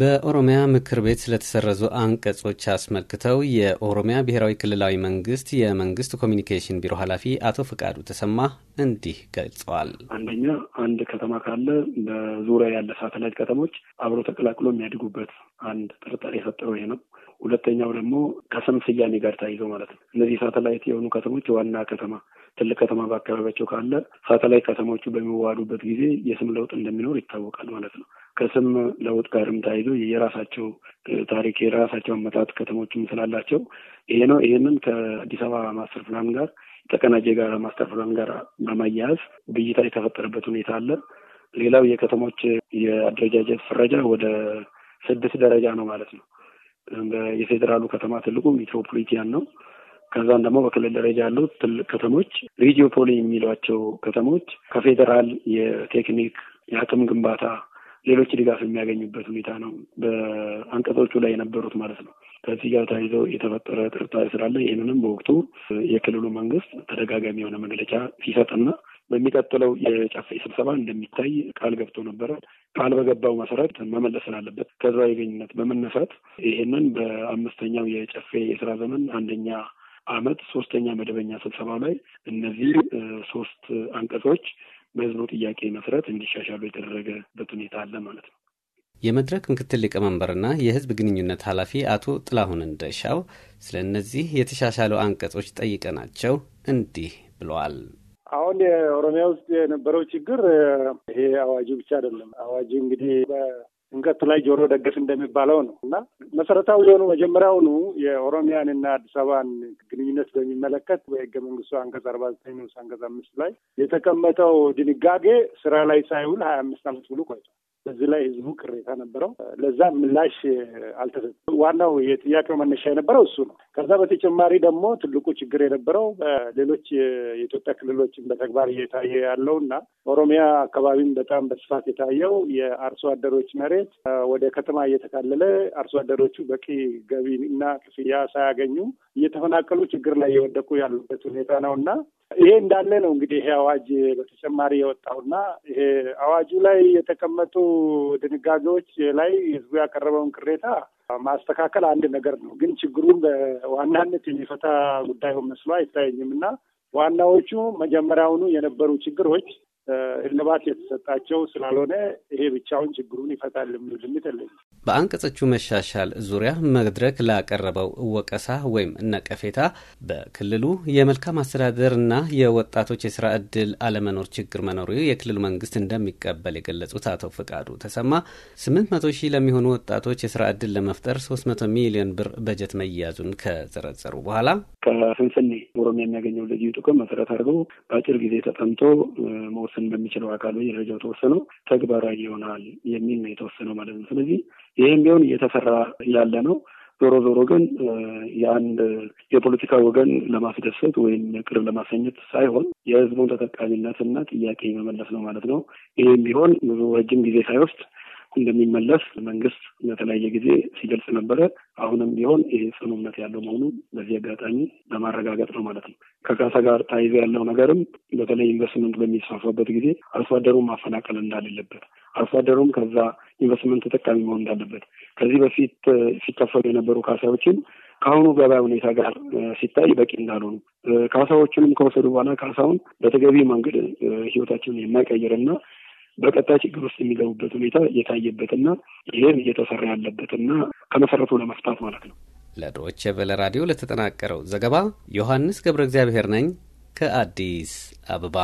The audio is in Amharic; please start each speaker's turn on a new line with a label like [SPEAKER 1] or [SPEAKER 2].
[SPEAKER 1] በኦሮሚያ ምክር ቤት ስለተሰረዙ አንቀጾች አስመልክተው የኦሮሚያ ብሔራዊ ክልላዊ መንግስት የመንግስት ኮሚኒኬሽን ቢሮ ኃላፊ አቶ ፍቃዱ ተሰማ እንዲህ ገልጸዋል።
[SPEAKER 2] አንደኛ አንድ ከተማ ካለ በዙሪያ ያለ ሳተላይት ከተሞች አብሮ ተቀላቅሎ የሚያድጉበት አንድ ጥርጣሬ የፈጠረው ይሄ ነው። ሁለተኛው ደግሞ ከስም ስያሜ ጋር ተያይዘው ማለት ነው። እነዚህ ሳተላይት የሆኑ ከተሞች ዋና ከተማ ትልቅ ከተማ በአካባቢያቸው ካለ ሳተላይት ከተሞቹ በሚዋሃዱበት ጊዜ የስም ለውጥ እንደሚኖር ይታወቃል ማለት ነው። ከስም ለውጥ ጋርም ተያይዞ የራሳቸው ታሪክ የራሳቸው አመጣት ከተሞችም ስላላቸው ይሄ ነው። ይሄንን ከአዲስ አበባ ማስተር ፕላን ጋር ተቀናጀ ጋር ማስተር ፕላን ጋር በማያያዝ ብይታ የተፈጠረበት ሁኔታ አለ። ሌላው የከተሞች የአደረጃጀት ፍረጃ ወደ ስድስት ደረጃ ነው ማለት ነው። የፌዴራሉ ከተማ ትልቁ ሜትሮፖሊቲያን ነው። ከዛም ደግሞ በክልል ደረጃ ያሉ ትልቅ ከተሞች ሪጂዮፖሊ የሚሏቸው ከተሞች ከፌዴራል የቴክኒክ የአቅም ግንባታ ሌሎች ድጋፍ የሚያገኙበት ሁኔታ ነው በአንቀጾቹ ላይ የነበሩት ማለት ነው። ከዚህ ጋር ተያይዞ የተፈጠረ ጥርጣሬ ስላለ ይህንንም በወቅቱ የክልሉ መንግስት ተደጋጋሚ የሆነ መግለጫ ሲሰጥና በሚቀጥለው የጨፌ ስብሰባ እንደሚታይ ቃል ገብቶ ነበረ። ቃል በገባው መሰረት መመለስ ስላለበት ከዛ የገኝነት በመነሳት ይህንን በአምስተኛው የጨፌ የስራ ዘመን አንደኛ አመት ሶስተኛ መደበኛ ስብሰባ ላይ እነዚህ ሶስት አንቀጾች በህዝቡ ጥያቄ መሰረት እንዲሻሻሉ የተደረገበት ሁኔታ አለ ማለት ነው።
[SPEAKER 1] የመድረክ ምክትል ሊቀመንበርና የህዝብ ግንኙነት ኃላፊ አቶ ጥላሁን እንደሻው ስለ እነዚህ የተሻሻሉ አንቀጾች ጠይቀናቸው እንዲህ ብለዋል።
[SPEAKER 3] አሁን የኦሮሚያ ውስጥ የነበረው ችግር ይሄ አዋጁ ብቻ አይደለም። አዋጁ እንግዲህ እንገቱ ላይ ጆሮ ደገፍ እንደሚባለው ነው እና መሰረታዊ የሆኑ መጀመሪያውኑ የኦሮሚያንና አዲስ አበባን ግንኙነት በሚመለከት በህገ መንግስቱ አንቀጽ አርባ ዘጠኝ ንዑስ አንቀጽ አምስት ላይ የተቀመጠው ድንጋጌ ስራ ላይ ሳይውል ሀያ አምስት ዓመት ሙሉ ቆይቷል። በዚህ ላይ ህዝቡ ቅሬታ ነበረው። ለዛ ምላሽ አልተሰጠም። ዋናው የጥያቄው መነሻ የነበረው እሱ ነው። ከዛ በተጨማሪ ደግሞ ትልቁ ችግር የነበረው በሌሎች የኢትዮጵያ ክልሎችን በተግባር እየታየ ያለው እና ኦሮሚያ አካባቢም በጣም በስፋት የታየው የአርሶ አደሮች መሬት ወደ ከተማ እየተካለለ አርሶ አደሮቹ በቂ ገቢ እና ክፍያ ሳያገኙ እየተፈናቀሉ ችግር ላይ የወደቁ ያሉበት ሁኔታ ነው እና ይሄ እንዳለ ነው እንግዲህ ይሄ አዋጅ በተጨማሪ የወጣውና ይሄ አዋጁ ላይ የተቀመጡ ድንጋጌዎች ላይ ህዝቡ ያቀረበውን ቅሬታ ማስተካከል አንድ ነገር ነው፣ ግን ችግሩን በዋናነት የሚፈታ ጉዳይ መስሎ አይታየኝም እና ዋናዎቹ መጀመሪያውኑ የነበሩ ችግሮች እልባት የተሰጣቸው ስላልሆነ ይሄ ብቻውን ችግሩን ይፈታል የሚል ግምት የለኝም።
[SPEAKER 1] በአንቀጾቹ መሻሻል ዙሪያ መድረክ ላቀረበው ወቀሳ ወይም ነቀፌታ በክልሉ የመልካም አስተዳደርና የወጣቶች የስራ እድል አለመኖር ችግር መኖሩ የክልሉ መንግስት እንደሚቀበል የገለጹት አቶ ፍቃዱ ተሰማ 800 ሺህ ለሚሆኑ ወጣቶች የስራ እድል ለመፍጠር 300 ሚሊዮን ብር በጀት መያዙን ከዘረዘሩ በኋላ
[SPEAKER 2] ከስንፍኔ ኦሮሚያ የሚያገኘው ልዩ ጥቅም መሰረት አድርገው በአጭር ጊዜ ተጠምቶ ሊወስን በሚችለው አካል በየደረጃው ተወስኖ ተግባራዊ ይሆናል የሚል ነው የተወሰነው ማለት ነው። ስለዚህ ይህም ቢሆን እየተሰራ ያለ ነው። ዞሮ ዞሮ ግን የአንድ የፖለቲካ ወገን ለማስደሰት ወይም ቅርብ ለማሰኘት ሳይሆን የህዝቡን ተጠቃሚነትና ጥያቄ መመለስ ነው ማለት ነው። ይህም ቢሆን ብዙ ረጅም ጊዜ ሳይወስድ እንደሚመለስ መንግስት በተለያየ ጊዜ ሲገልጽ ነበረ። አሁንም ቢሆን ይሄ ጽኑ እምነት ያለው መሆኑን በዚህ አጋጣሚ ለማረጋገጥ ነው ማለት ነው። ከካሳ ጋር ተያይዞ ያለው ነገርም በተለይ ኢንቨስትመንት በሚስፋፋበት ጊዜ አርሶ አደሩን ማፈናቀል እንዳሌለበት፣ አርሶ አደሩም ከዛ ኢንቨስትመንት ተጠቃሚ መሆን እንዳለበት ከዚህ በፊት ሲከፈሉ የነበሩ ካሳዎችን ከአሁኑ ገበያ ሁኔታ ጋር ሲታይ በቂ እንዳልሆኑ ካሳዎችንም ከወሰዱ በኋላ ካሳውን በተገቢ መንገድ ህይወታቸውን የማይቀይርና በቀጣይ ችግር ውስጥ የሚገቡበት ሁኔታ እየታየበትና ይህም እየተሰራ ያለበትና ከመሰረቱ ለመፍታት ማለት ነው።
[SPEAKER 1] ለዶች ቨለ ራዲዮ ለተጠናቀረው ዘገባ ዮሐንስ ገብረ እግዚአብሔር ነኝ ከአዲስ አበባ።